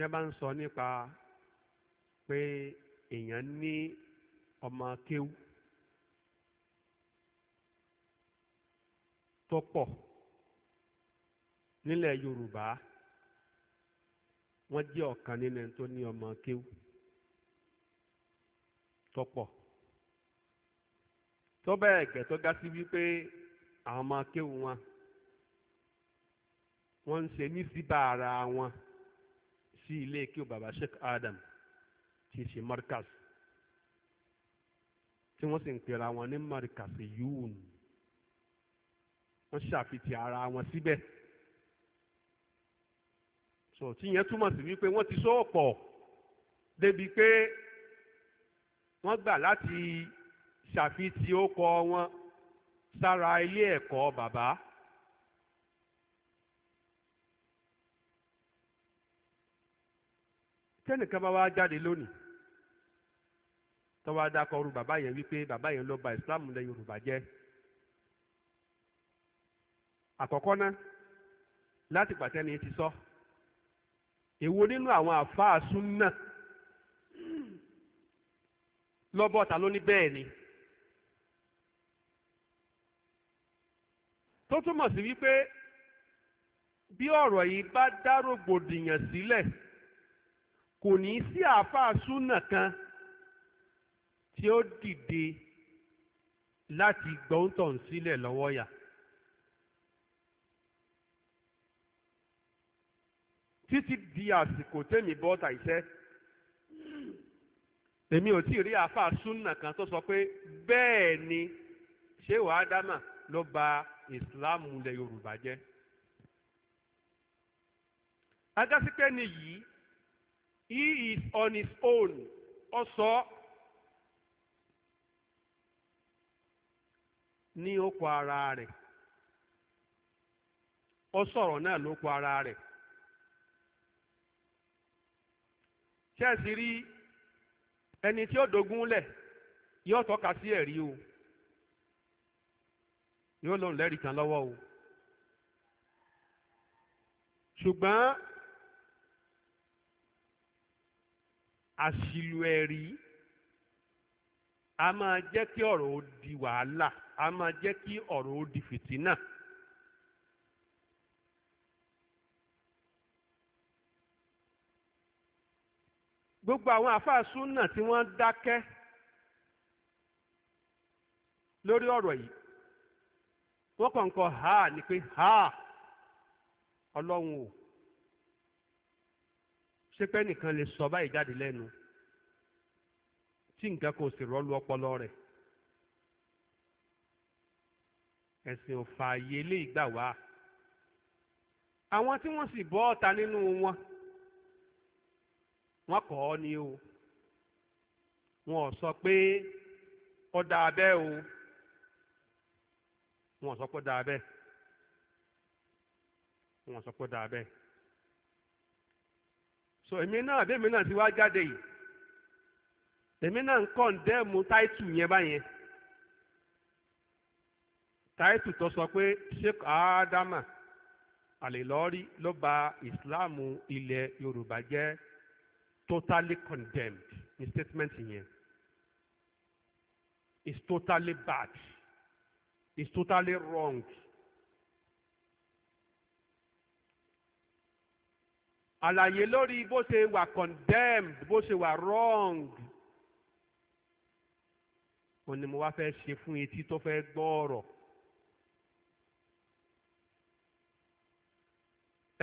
tí wọ́n bá ń sọ nípa pé èèyàn ní ọmọ kéwú tó pọ̀ nílẹ̀ Yorùbá wọ́n jẹ́ ọ̀kan nínú ẹni tó ní ọmọ kéwú tó pọ̀ tó bẹ́ẹ̀ gẹ̀ tó gá sí wípé àwọn ọmọ kéwú wọn wọ́n ń ṣe ní síbà ara wọn sí ilé kí o bàbá Sheikh Adam ti ṣe markaz tí wọ́n sì ń pera wọn ní markaz yún wọ́n ṣàfihàn ara wọn síbẹ̀ sọ tí yẹn túmọ̀ sí wípé wọ́n ti sọ́ọ̀pọ̀ débi pé wọ́n gbà láti ṣàfihàn ọkọ̀ wọn sára ilé ẹ̀kọ́ bàbá. tẹ́nìkan bá wá jáde lónìí tọ́wọ́ adakọ̀ ọ̀run bàbá yẹn wípé bàbá yẹn ló ba ìsìláàmù lẹ Yorùbá jẹ́ àkọ́kọ́ ná láti pàtẹ́ni ti sọ èwo nínú àwọn àfáà súnà lọ́bọ̀ta ló ní bẹ́ẹ̀ ni tó túmọ̀ sí wípé bí ọ̀rọ̀ yìí bá dá sílẹ̀. Si kò ní sí àáfàá súnà kan tí ó dìde láti gbọ́ntàn sílẹ̀ lọ́wọ́ yà. títí di àsìkò tẹ́mi bọ́ta iṣẹ́ èmi ò tí ì rí àáfàá súnà kan tó sọ pé bẹ́ẹ̀ ni ṣéwò ádámà ló ba ìsìláàmù ilẹ̀ yorùbá jẹ́. agásípẹ́ ni yìí he is on his own ọsọ ní okò ara rẹ̀ ọsọ sọ̀rọ̀ náà lókò ara rẹ̀ ṣẹ́ẹ̀sì rí ẹni tí ó dogun lẹ̀ yóò tọ́ka sí ẹ̀rí o yóò lòun lẹ́rìí kan lọ́wọ́ o ṣùgbọ́n àṣìlò ẹ̀rí a máa jẹ́ kí ọ̀rọ̀ ó di wàhálà a máa jẹ́ kí ọ̀rọ̀ ó di fìtínà. gbogbo àwọn àfáà súnà tí wọ́n dákẹ́ lórí ọ̀rọ̀ yìí wọ́n kàn ń kọ ha ni pé ha ọlọ́run o. ṣé pé nìkan lè sọ báyìí jáde lẹ́nu tí nǹkan kò sì rọ́ọ̀lù ọpọlọ rẹ̀ ẹ̀sìn ò fààyè lè gbà wá àwọn tí wọ́n sì bọ́ ọ̀ta nínú wọn wọ́n kọ́ ọ ni o wọn ò sọ pé ó dáa bẹ́ẹ̀ o wọn ò sọ pé ó dáa bẹ́ẹ̀ wọn ò sọ pé ó dáa bẹ́ẹ̀ so èmi náà àbí èmi náà ti wá jáde yìí èmi náà ń kọ̀ǹdẹ́ẹ̀mù táìtù yẹn báyẹn táìtù tó sọ pé Sheikh Adama Al-Ilori ló bà ìsìláàmù ilẹ̀ Yorùbá jẹ́ totally condemned ní statement yẹn it's totally bad it's totally wrong. àlàyé lórí bó ṣe wà condemned bó ṣe wà wrong ó ní mo wá fẹ́ ṣe fún etí tó fẹ́ gbọ́ ọ̀rọ̀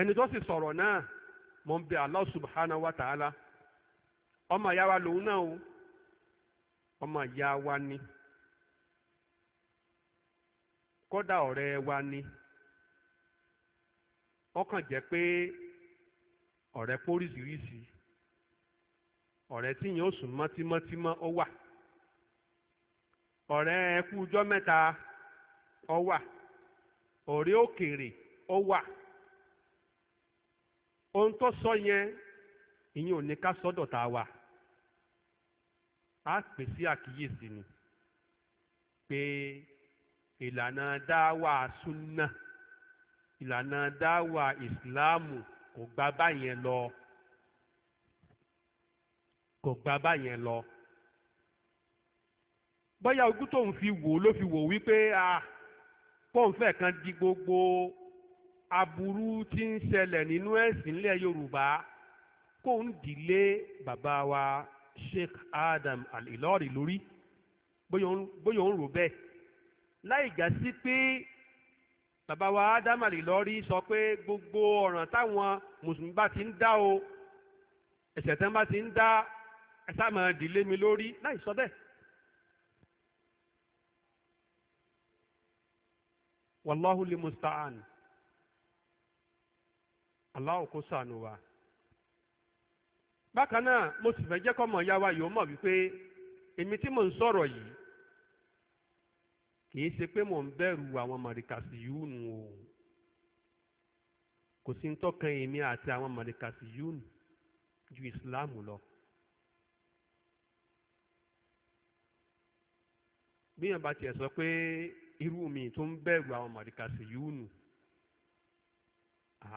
ẹni tó sì sọ̀rọ̀ náà mo ń bẹ Allah subhanahu wa ta'ala ọmọ ìyá wa lòun náà o ọmọ ìyá wa ni kódà ọ̀rẹ́ wa ni ó jẹ́ pé. ọ̀rẹ́ póríṣiríṣi ọ̀rẹ́ tíyẹn ó sùn mọ́tímọ́tímọ́ ó wà ọ̀rẹ́ ẹkú ọjọ́ mẹ́ta ó wà ọ̀rẹ́ òkèrè ó wà ohun tó sọ yẹn ìyẹn ò ní ká sọ́dọ̀ tá a wà á pè sí àkíyèsí ni pé ìlànà dáwà súnà ìlànà dáwà ìsìláàmù. kò gba báyẹn lọ kò gba báyẹn lọ bóyá ojú tóun fi wò ló fi wò wípé a pọ́ùn fẹ́ kan di gbogbo aburú tí ń ṣẹlẹ̀ nínú ẹ̀sìn ilẹ̀ Yorùbá kóun dìlé bàbá wa Sheikh Adam Al-Ilori lórí bóyá òun rò bẹ́ẹ̀ láì já pé bàbá wa ádámàlì lọ́rí sọ pé gbogbo ọ̀ràn táwọn mùsùlùmí bá ti ń dá o ẹ̀ṣẹ̀ tán bá ti ń dá ẹ̀sàmọ̀ ìdílé mi lórí láì sọ bẹ́ẹ̀. wàláhù lè musta'an aláwọ̀ kó sànù wa. bákan náà mo sì fẹ́ jẹ́ kọ́mọ̀ ya wa yòó mọ̀ wípé èmi tí mò ń sọ̀rọ̀ yìí kì í ṣe pé mò ń bẹ̀rù àwọn mọ̀rìkàsì yúùnù o kò sí ń tọ́kan èmi àti àwọn mọ̀rìkàsì yúùnù ju ìsìláàmù lọ. bíyàn bá tiẹ̀ sọ pé irú mi tó ń bẹ̀rù àwọn mọ̀rìkàsì yúùnù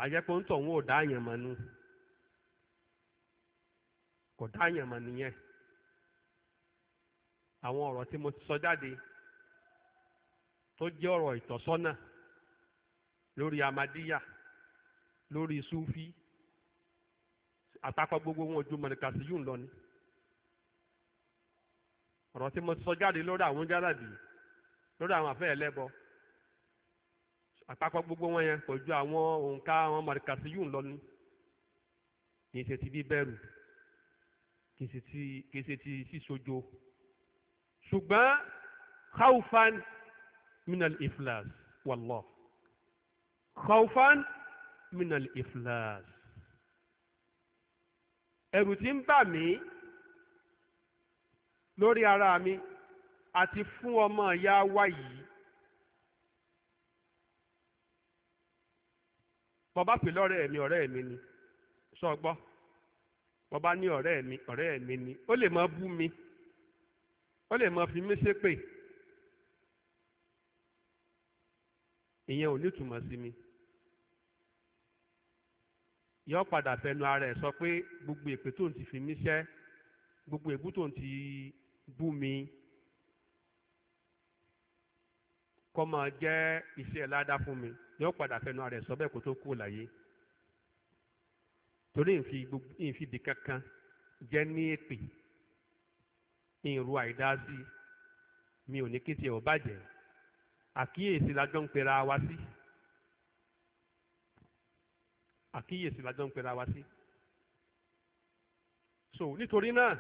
àjẹpọ̀ ń tọ̀hún ò dáàyàn mọ́nú kò dáàyàn mọ́ nìyẹn àwọn ọ̀rọ̀ tí mo ti sọ jáde. So tó jẹ́ ọ̀rọ̀ ìtọ́sọ́nà lórí amadiya lórí sufi àtakọ gbogbo wọn ojú mọ̀nìkàsí yìí ń lọ ni ọ̀rọ̀ tí mo sọ jáde lórí àwọn jálàbí lórí àwọn àfẹ́ ẹlẹ́bọ àtakọ gbogbo wọn yẹn kò ju àwọn òǹkà àwọn mọ̀nìkàsí yìí ń lọ ni kì í ṣe ti bíbẹ̀rù kì í ṣe ti sísojo ṣùgbọ́n káwùfáàni. من الإفلاس والله خوفا من الإفلاس ẹ̀rù tí ń bà mí lórí ara mi àti fún ọmọ ìyá wa yìí bọba pè lọ́rẹ́ mi ọ̀rẹ́ mi ni sọ gbọ́ bọba ní ọ̀rẹ́ mi ọ̀rẹ́ mi ni ó lè máa bú mi ó lè máa fi mí ṣépè. ìyẹn ò nítumọ̀ sí mi yọ padà fẹnu ara ẹ̀ sọ pé gbogbo èpè tó ń ti fi mí ṣẹ́ gbogbo èbú tó ń ti bú mi kọ́ máa jẹ́ iṣẹ́ ládá fún mi yọ padà fẹnu ara ẹ̀ sọ bẹ́ẹ̀ kó tó kú láyé torí ìfi gbogbo ìfi di kankan jẹ́ ní èpè ìrù àìdá sí mi ò ní kí tiẹ̀ ò bàjẹ́ àkíyèsí la jọ ń pera wa sí àkíyèsí la jọ ń pera wa sí so nítorí náà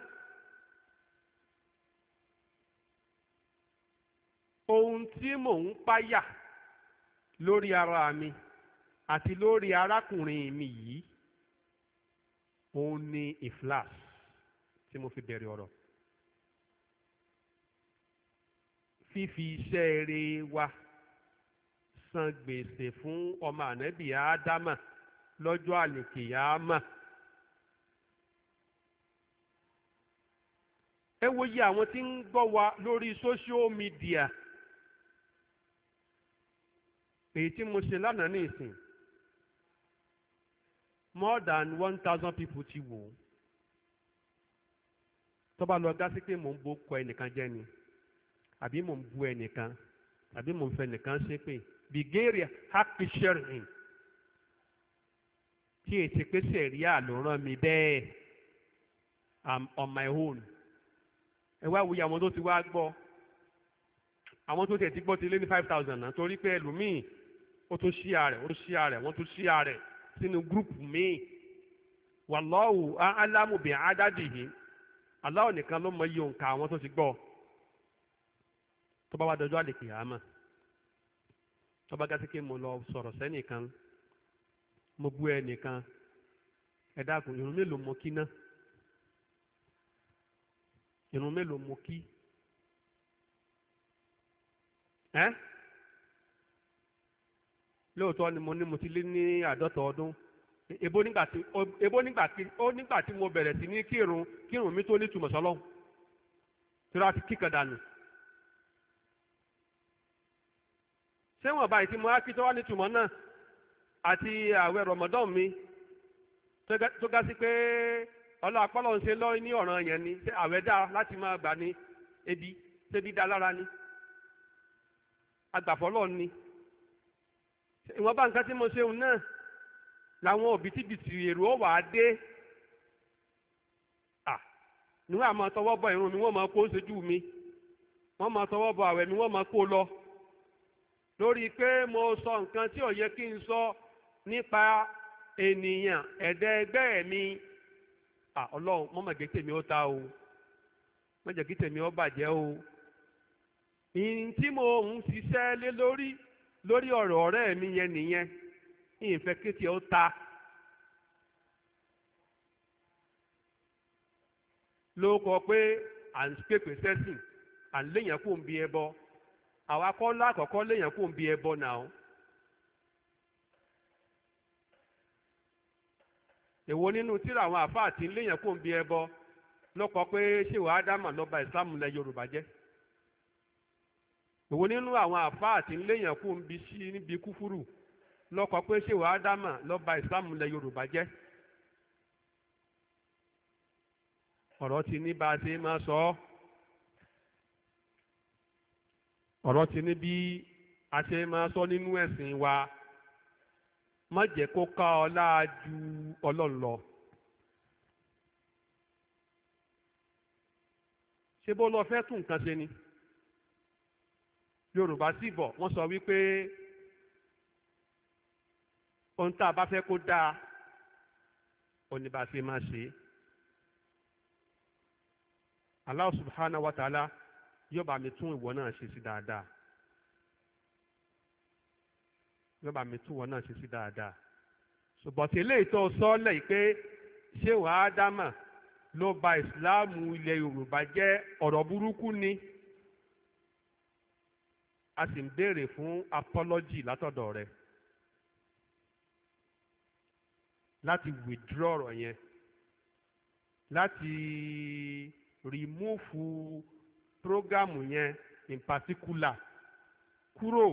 ohun tí mò ń páyà lórí ara mi àti lórí arákùnrin mi yìí òun ni ìflas tí mo fi bẹ̀rẹ̀ ọ̀rọ̀. fífi iṣẹ́ eré wa san gbèsè fún ọmọ ànábì ádámà lọ́jọ́ àlèkèyàmà. ẹ wo iye àwọn tí ń gbọ́ wa lórí social media èyí tí mo ṣe lánàá ní more than one thousand people ti wò ó tó bá lọ gá sí pé mò ń bo kọ ẹnìkan jẹ́ ni àbí mò ń bu ẹnìkan àbí mò ń fẹ́ nìkan ṣépè bìgẹ́rì hakisherin tí ètí pé sẹ̀ríà ló mi bẹ́ẹ̀ i'm on my own ẹ wá wòye àwọn tó ti wá gbọ́ àwọn tó tẹ̀ ti gbọ́ ti lé ní five thousand náà torí pé ẹlòmíì ó tún ṣíà rẹ̀ ó tún ṣíà rẹ̀ wọ́n tún ṣíà rẹ̀ sínú gúrùpù míì wàlọ́ọ̀hù alámùbìn adádìyí aláwọ̀ nìkan ló mọ iye òǹkà àwọn tó ti gbọ́ ọ tó bá wá dọjọ́ àlèkè àmà tó bá gásí pé mo lọ sọ̀rọ̀ sẹ́nìkan mo bú ẹnìkan ẹ dákun irun mélòó mo kí ná irun mélòó mo kí ẹ lóòótọ́ ni mo ní mo ti lé ní àádọ́ta ọdún ebo nígbà tí ebo nígbà tí ó nígbà tí mo bẹ̀rẹ̀ sí ní kírun kírun mi tó ní túmọ̀ sọlọ́hún tí wọ́n á ti kíkan dànù. ṣé wọn báyìí tí mo á kí tó wá nítumọ̀ náà àti ààwẹ̀ rọ̀mọ́dọ́n mi tó ga sí pé ọlọ́àpọ́lọ́ ń ṣe lọ́ ní ọ̀ràn yẹn ni ṣé ààwẹ̀ dá láti máa gbà ní ebi ṣébi dá lára ni agbàfọ́lọ́ ni ìwọ̀nba nǹkan tí mo ṣeun náà làwọn òbítíbitì èrò ọ̀wà dé níwọ̀n àmọ́ tọwọ́ bọ irun mi wọ́n máa kó ṣojú mi wọ́n máa tọwọ́ bọ àwẹ̀ mi wọ́n máa kó lọ. lórí pé mo sọ nǹkan tí ò yẹ kí n sọ nípa ènìyàn ẹ̀dá ẹgbẹ́ mi ọlọ́run mo mọ̀ jẹ́ mi ó ta o mo jẹ́ ó o ìyìn tí mo ń ṣiṣẹ́ lé lórí lórí ọ̀rọ̀ ọ̀rẹ́ mi yẹn nìyẹn ìfẹ́ ó ta. ló kọ pé à ń pèpè bi àwa kọ́ lákọ̀ọ́kọ́ léèyàn kò ń bi ẹbọ náà èwo nínú tíra àwọn àfáà tí ń léèyàn kò ń bi ẹbọ ló kọ pé ṣèwà ádámà lọ́ba ìsìlámù lẹ yorùbá jẹ́ èwo nínú àwọn àfáà tí ń léèyàn kò ń bi sí níbi kúfúrù ló kọ pé ṣèwà ádámà lọ́ba ìsìlámù lẹ yorùbá jẹ́ ọ̀rọ̀ ti ní bá a ṣe máa sọ ọ́. ọ̀rọ̀ ti ní bí a ṣe máa sọ nínú ẹ̀sìn wa má jẹ́ kó ká ọ láàájú ọlọ́run lọ. ṣé bó lọ fẹ́ tún nǹkan ṣe ni yorùbá sì bọ̀ wọ́n sọ wípé ohun tá a bá fẹ́ kó dáa òní máa ṣe Allah subhanahu wa ta'ala yóò bá mi tún ìwọ náà ṣe sí dáadáa yóò bá mi tún ìwọ náà ṣe sí dáadáa ṣùgbọ́n tí eléyìí tó sọ lẹ́yìn pé ṣé wàá dámà ló ba ìsìláàmù ilẹ̀ Yorùbá jẹ́ ọ̀rọ̀ burúkú ni a sì ń béèrè fún apology látọ̀dọ̀ rẹ̀ láti withdraw ọ̀rọ̀ yẹn láti rìmúfù prógámù yẹn in particular kúrò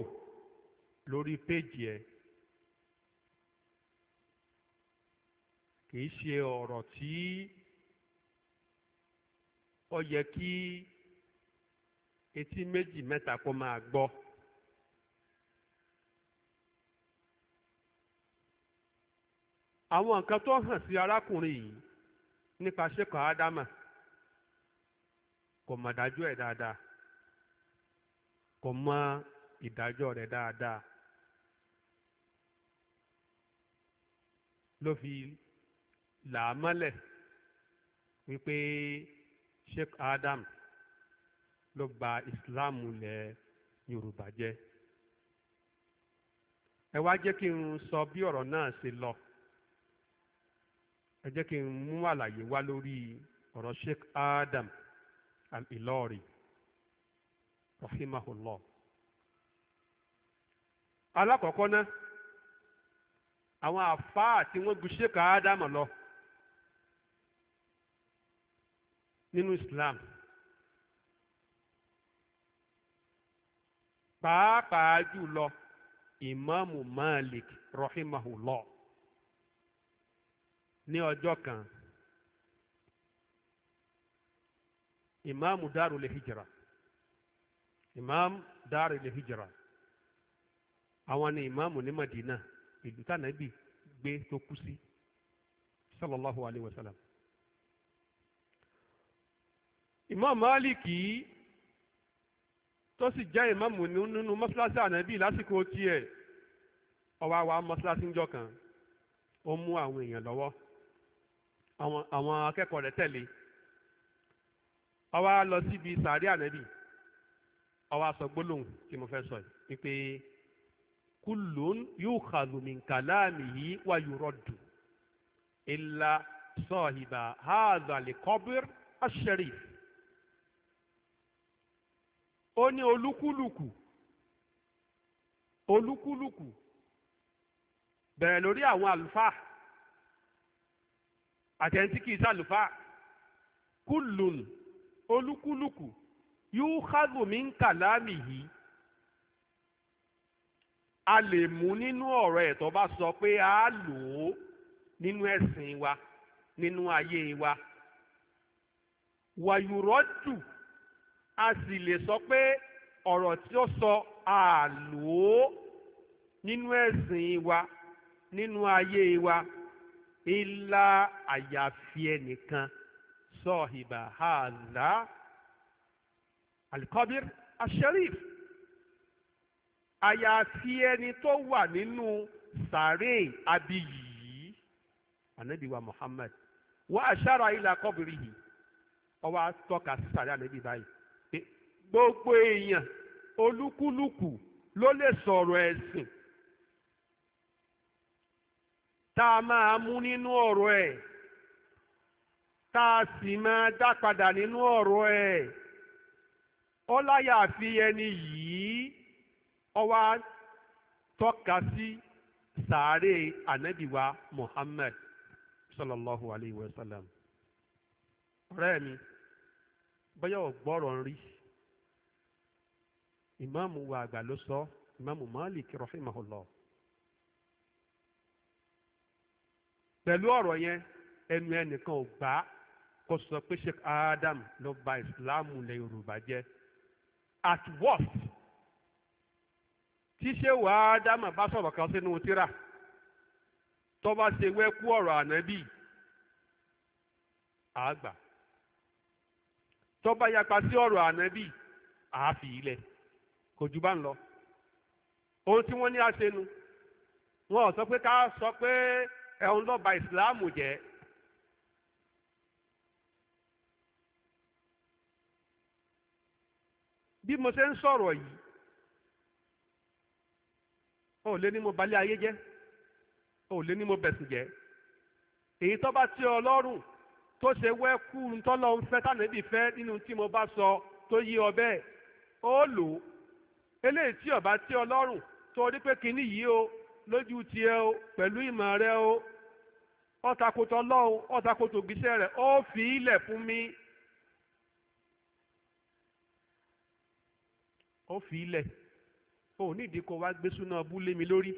lórí péjì ẹ kìí ṣe ọ̀rọ̀ tí ó yẹ kí etí méjì mẹ́ta kó máa gbọ́. àwọn nǹkan tó hàn sí arákùnrin yìí nípa ṣẹ́kọ̀ọ́ ádámà kò mọ̀ dájọ́ ẹ̀ dáadáa kò mọ̀ ìdájọ́ rẹ̀ dáadáa ló fi là á mọ́lẹ̀ wípé Sheikh Adam ló bà Islam lẹ̀ Yorùbá jẹ́ ẹ wá jẹ́ kí n sọ bí ọ̀rọ̀ náà ṣe lọ ẹ jẹ́ kí n mú àlàyé wá lórí ọ̀rọ̀ Sheikh Adam al-Ilori rahimahullah alákọ̀ọ́kọ́ náà àwọn àfáà tí wọ́n gbu ṣéka ádámù lọ nínú Islam pàápàá jùlọ ìmáàmù Malik rahimahullah ní ọjọ́ kan ìmáàmù Darul Hijra ìmáàmù Darul Hijra àwọn ni ìmáàmù ní Madina ìlú tànàbì gbé tó kú sí sallallahu alayhi wa sallam. Imam Maliki tó sì jẹ́ ìmáàmù nínú mọ́ṣáláṣí ànábì lásìkò tiẹ̀ ọwọ́ àwa mọ́ṣáláṣí ń jọ kan ó mú àwọn èèyàn lọ́wọ́ àwọn akẹ́kọ̀ọ́ rẹ̀ tẹ̀lé ó wá lọ síbi sàárì ànábì ó wá sọ gbólóhùn tí mo fẹ́ sọ yìí wípé kullun yukhadhu min kalamihi wa yuraddu illa sahiba hadha al-qabr ash ó ní olúkúlùkù olúkúlùkù bẹ̀rẹ̀ lórí àwọn àlùfáà àtẹ̀ntí kìí sàlùfáà kullun olúkúlùkù yóò hádùn mí ń kà láàmì yìí a lè mú nínú ọ̀rọ̀ ẹ̀ tó bá sọ pé a lò ó nínú ẹ̀sìn wa nínú ayé wa wàyùrọ́jù a sì lè sọ pé ọ̀rọ̀ tí ó sọ a lò ó nínú ẹ̀sìn wa nínú ayé wa ìlà àyàfi ẹnìkan sọ́ọ̀hìbà hàlá alikọ́bír asherif àyàfi ẹni tó wà nínú sàárè abiyì yìí anabi wa muhammad wa ashara ila kọ́bìrì ó wá tọ́ka sí sàárè anabi báyìí gbogbo èèyàn olúkúlùkù ló lè sọ̀rọ̀ ẹ̀sìn tá a máa mú nínú ọ̀rọ̀ ẹ̀ tá a sì máa dá padà nínú ọ̀rọ̀ ẹ̀ ó láyàfi ẹni yìí ó tọ́ka sí sàárè ànábìwá Muhammad sallallahu alayhi wa sallam ọ̀rẹ́ mi bóyá ọ̀gbọ́rọ̀ ń rí ìmáàmù wa àgbà ló sọ ìmáàmù Malik rahimahullah pẹ̀lú ọ̀rọ̀ yẹn ẹnu ẹnìkan ò gbà á kó sọ pé Sheikh Adam ló ba ìsìláàmù ilẹ̀ Yorùbá jẹ́ at worst tí Sheikh Adam bá sọ̀rọ̀ kan sínú tírà tó bá ṣe wẹ́kú ọ̀rọ̀ ànábì àgbà tó bá yapa sí ọ̀rọ̀ ànábì àáfì ilẹ̀ kò jù bá ń lọ ohun tí wọ́n ní àṣẹ nu wọn sọ pé ká sọ pé ẹ̀hún ló ba ìsìláàmù jẹ́ bí mo ṣe ń sọ̀rọ̀ yìí ò lè ní mo balẹ̀ ayé jẹ́ ò lè ní mo bẹ̀sìn jẹ́ èyí tó bá ti ọlọ́run tó ṣe wẹ́kú ntọ́lọ́ fẹ́ tànàbí fẹ́ nínú tí mo bá sọ tó yí ọ bẹ́ẹ̀ ó lò ó eléyìí tí ọba tí ọlọ́run tó rí pé kinní yìí o lójú tiẹ̀ o pẹ̀lú ìmọ̀ rẹ o ọ̀tàkùtọ̀ ọlọ́run ọ̀tàkùtọ̀ ògìṣẹ́ rẹ̀ ó fi ilẹ̀ fún mi. ó fi ilẹ̀ o ò nídìí kó wá gbé súná bú lé mi lórí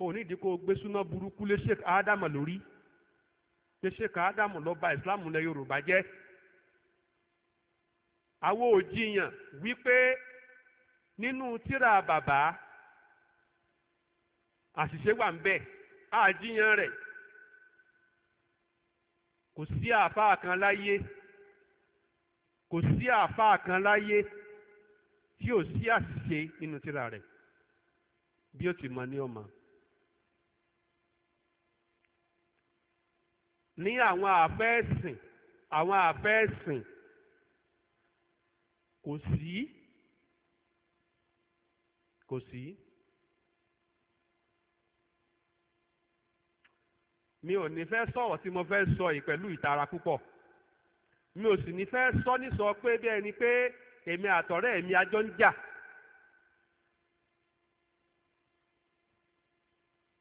o ò nídìí kó gbé súná burúkú lé Sheikh Ádámù lórí lé Sheikh Ádámù ló ba ìsìláàmù lẹ Yorùbá jẹ́ àwọn òjìyàn wípé nínú tírà bàbá àṣìṣe wà ń bẹ àjíyàn rẹ̀ kò sí àáfàá kan láyé kò sí àáfàá kan láyé tí ò sí àṣìṣe nínú tírà rẹ̀ bí ó ti mọ ní ọmọ. ní àwọn àfẹ́sìn àwọn àfẹ́sìn kò sí kò sí. mi ò ní fẹ́ sọ̀rọ̀ tí mo fẹ́ sọ yìí pẹ̀lú ìtara púpọ̀ mi ò sì ní fẹ́ sọ ní sọ pé bí ẹni pé èmi àtọ̀rẹ́ mi ajọ́ ń jà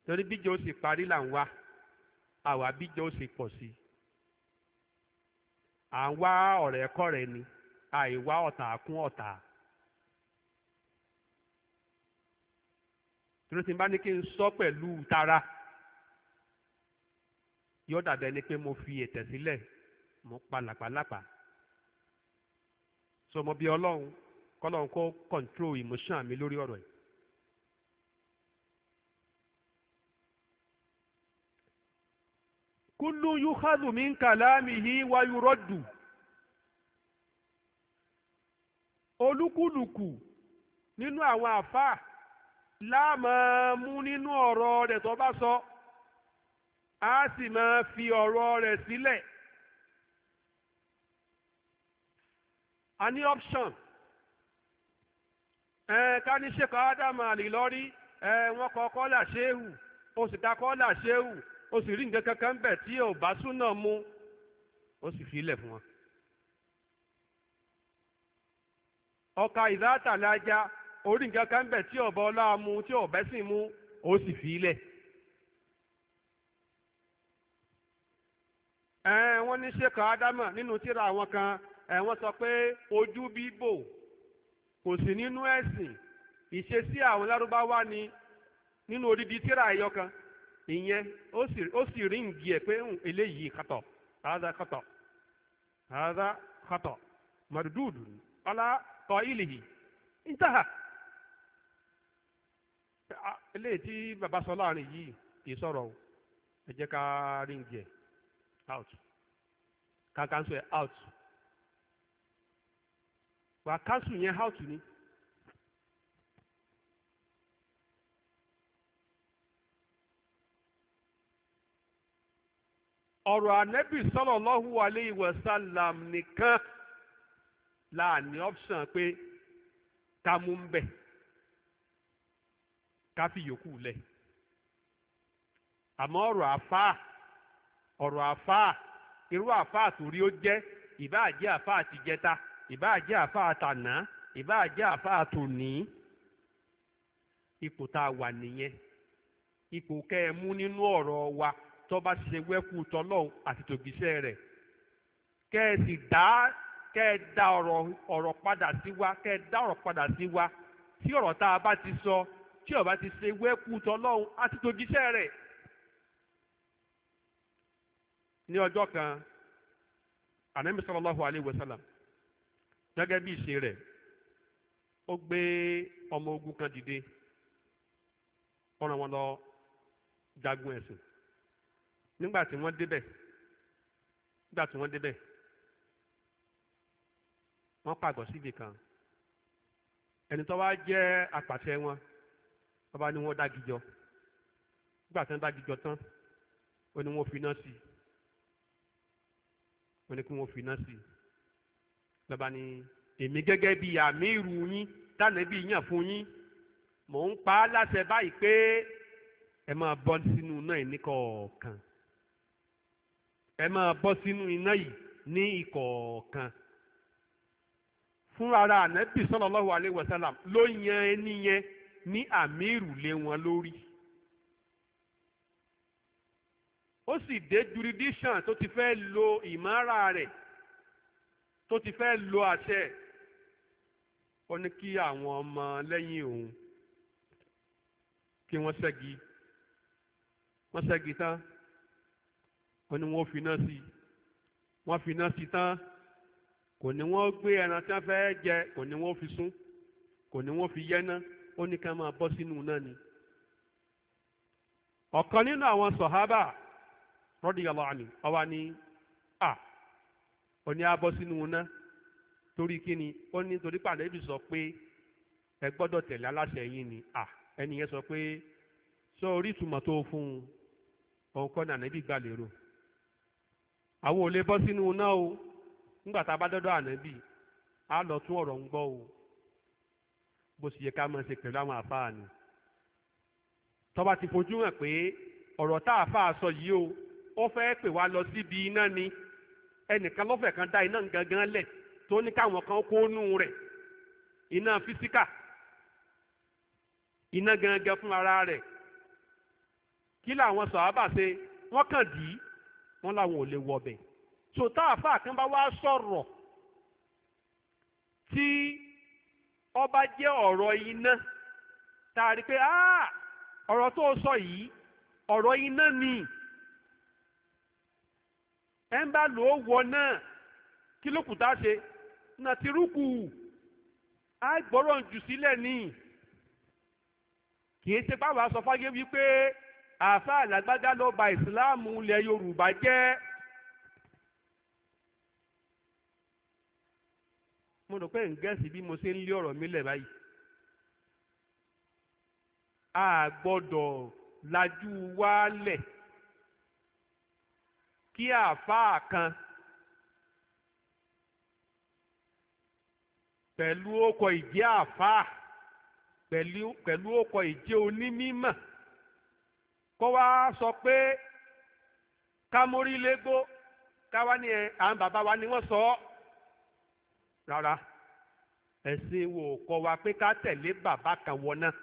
torí bíjọ́ ó sì parí là ń wá àwa bíjọ́ ó sì pọ̀ sí i à ń wá ọ̀rẹ́ kọ̀rẹ́ ni àìwá ọ̀tá kún ọ̀tá. torí tí n bá ní kí n sọ pẹ̀lú tara yóò dàbẹ̀ ni pé mo fi ètẹ̀ sílẹ̀ mo pa làpálàpá so mo bí ọlọ́run kọ́lọ́run kó control emotion mi lórí ọ̀rọ̀ yìí. kúlú yúkàdù mí ń kàlámì yìí wáyú rọ́dù olúkúlùkù nínú àwọn àfáà láàmà nínú ọ̀rọ̀ rẹ̀ tó bá sọ á sì máa fi ọ̀rọ̀ rẹ̀ sílẹ̀. Si a ní option ẹ ká ní ṣèkọ ádámù àlìlọ́rí ẹ wọ́n kọ kọ́là ṣéhù o sì ta kọ́là ṣéhù o sì rí nǹkan kankan bẹ̀ tí ò bá súnà mu ó sì fi ilẹ̀ fún wọn. ọkà ìdátàlájà orí nǹkan kan bẹ̀ tí ọ̀bọ ọlá mu tí ọ̀bẹ sì mu ó sì fi ilẹ̀. ẹ wọ́n ní ṣèkọ ádámù nínú tíra àwọn kan ẹ̀ wọ́n sọ pé ojú bíbò kò sí nínú ẹ̀sìn ìṣesí àwọn lárúbáwá ni nínú odidi tíra ẹ̀yọ kan ìyẹn ó sì rí ǹgì ẹ̀ pé eléyìí kàtọ̀ àádá kàtọ̀ àádá kàtọ̀ màdùdùdù ọlá tọ ìlìhì níta eléyìí tí bàbá sọ láàrin yìí kì í sọ̀rọ̀ o ẹ jẹ́ ká rí ǹgì ẹ̀ out ká cancel out. wà kásù yẹn háùtù ni. ọ̀rọ̀ ànẹ́bì sallallahu alayhi wa sallam nìkan la ní option pé ká mú ń bẹ̀ ká fi yòókù lẹ̀ àmọ́ ọ̀rọ̀ àfáà ọ̀rọ̀ àfáà irú àfáà torí ó jẹ́ ìbáà àfáà ti jẹta ìbáà jẹ́ àfáà tàná ìbáà jẹ́ àfáà tòní ipò tá a wà nìyẹn ipò kẹ́ẹ̀mú nínú ọ̀rọ̀ wa tó bá ṣe wẹ́kú tọlọ́hun àti tògbìṣẹ́ rẹ̀ kẹ́ ẹ sì dá kẹ́ ẹ dá ọ̀rọ̀ ọ̀rọ̀ padà sí wa kẹ́ dá ọ̀rọ̀ padà sí wa tí ọ̀rọ̀ tá a bá ti sọ tí ó bá ti ṣe wẹ́kú tọlọ́hun àti tògbìṣẹ́ rẹ̀ ní ọjọ́ kan ànábì alayhi wa sallam gẹ́gẹ́ bí ìṣe rẹ̀ ó gbé ọmọ ogun kan dìde ó rán wọn lọ jagun ẹ̀sìn nígbà tí wọ́n débẹ̀ nígbà tí wọ́n débẹ̀ wọ́n pàgọ́ síbi kan ẹni tó wá jẹ́ apàṣẹ wọn wọ́n bá ní wọ́n dágijọ́ nígbà tí wọ́n dágijọ́ tán ó ní wọ́n fi iná sí i ó ní kí wọ́n fi iná sí i bàbá ni èmi gẹ́gẹ́ bíi àmì ìrù yín tànàbí yàn fún yín mò ń pa á láṣẹ báyìí pé ẹ máa bọ́ sínú iná yìí níkọ̀ọ̀kan ẹ máa bọ́ sínú iná yìí ní ìkọ̀ọ̀kan fúnra ànábì sallallahu alaihi wasallam ló yan ẹni yẹn ní àmì ìrùlé wọn lórí ó sì dé jurisdiction tó ti fẹ́ lo ìmọ̀ra rẹ̀ tó ti fẹ́ lo àṣẹ ó ní kí àwọn ọmọ lẹ́yìn òun kí wọ́n ṣẹ́gi wọ́n ṣẹ́gi tán ó ní wọ́n finá sí i wọ́n finá sí i tán kò ní wọ́n gbé ẹran tí wọ́n fẹ́ jẹ kò ní wọ́n fi sún kò ní wọ́n fi yẹ́ná ó ní ká máa bọ́ sínú náà ni. ọ̀kan nínú àwọn sọ̀hábà rọ́dìyàlọ́ àní ọba ní ó ní abọ́ sínú iná torí kíni ó ní torí pàdébì sọ pé ẹ gbọ́dọ̀ tẹ̀lé aláṣẹ yín ni à ẹni yẹn sọ pé sọ orí ìtumọ̀ tó fún un òun kọ́ nànẹ́bí gbà lérò àwọn ò lè bọ́ sínú iná o nígbà tá a bá dọ́dọ̀ ànábì á lọ tún ọ̀rọ̀ ń gbọ́ o bó sì yẹ ká máa ṣe pẹ̀lú àwọn àfáà ni tọ́ba ti fojú hàn pé ọ̀rọ̀ tá àfáà sọ yìí o ó fẹ́ pè wá lọ síbi iná ni ẹnìkan lọ́fẹ̀ẹ́ kan dá iná gangan lẹ̀ tó ní káwọn kan kó nù rẹ̀ iná físíkà iná gangan fún ara rẹ̀ kí làwọn sàábà ṣe wọ́n kàn dì í wọ́n làwọn ò lè wọ̀bẹ̀ tó tá kan bá wá sọ̀rọ̀ tí ọba jẹ́ ọ̀rọ̀ iná tá a rí pé ọ̀rọ̀ tó sọ yìí ọ̀rọ̀ iná ni ẹ ń bá lò ó wọ náà kí ló kù tá a ṣe nàtìrúkù á gbọ́rọ̀ jù sílẹ̀ ní kì í ṣe báwa sọ fáyé wípé àáfàá làgbájá ló ba ìsìláàmù ilẹ̀ yorùbá jẹ́. mo rò pé ǹgẹ́sì bí mo ṣe ń lé ọ̀rọ̀ mi lẹ̀ báyìí. a gbọ́dọ̀ lajú wálẹ̀ kí àáfàá kan pẹ̀lú ọkọ̀ ìjẹ́ àáfàá pẹ̀lú ọkọ̀ ìjẹ́ onímímọ̀ kọ́ wá sọ pé kámórí légbó káwá ní àwọn bàbá wa ni wọ́n sọ ọ́ rárá ẹ̀sìn wo kọ́ wa pé ká tẹ̀lé bàbá kan wọ náà.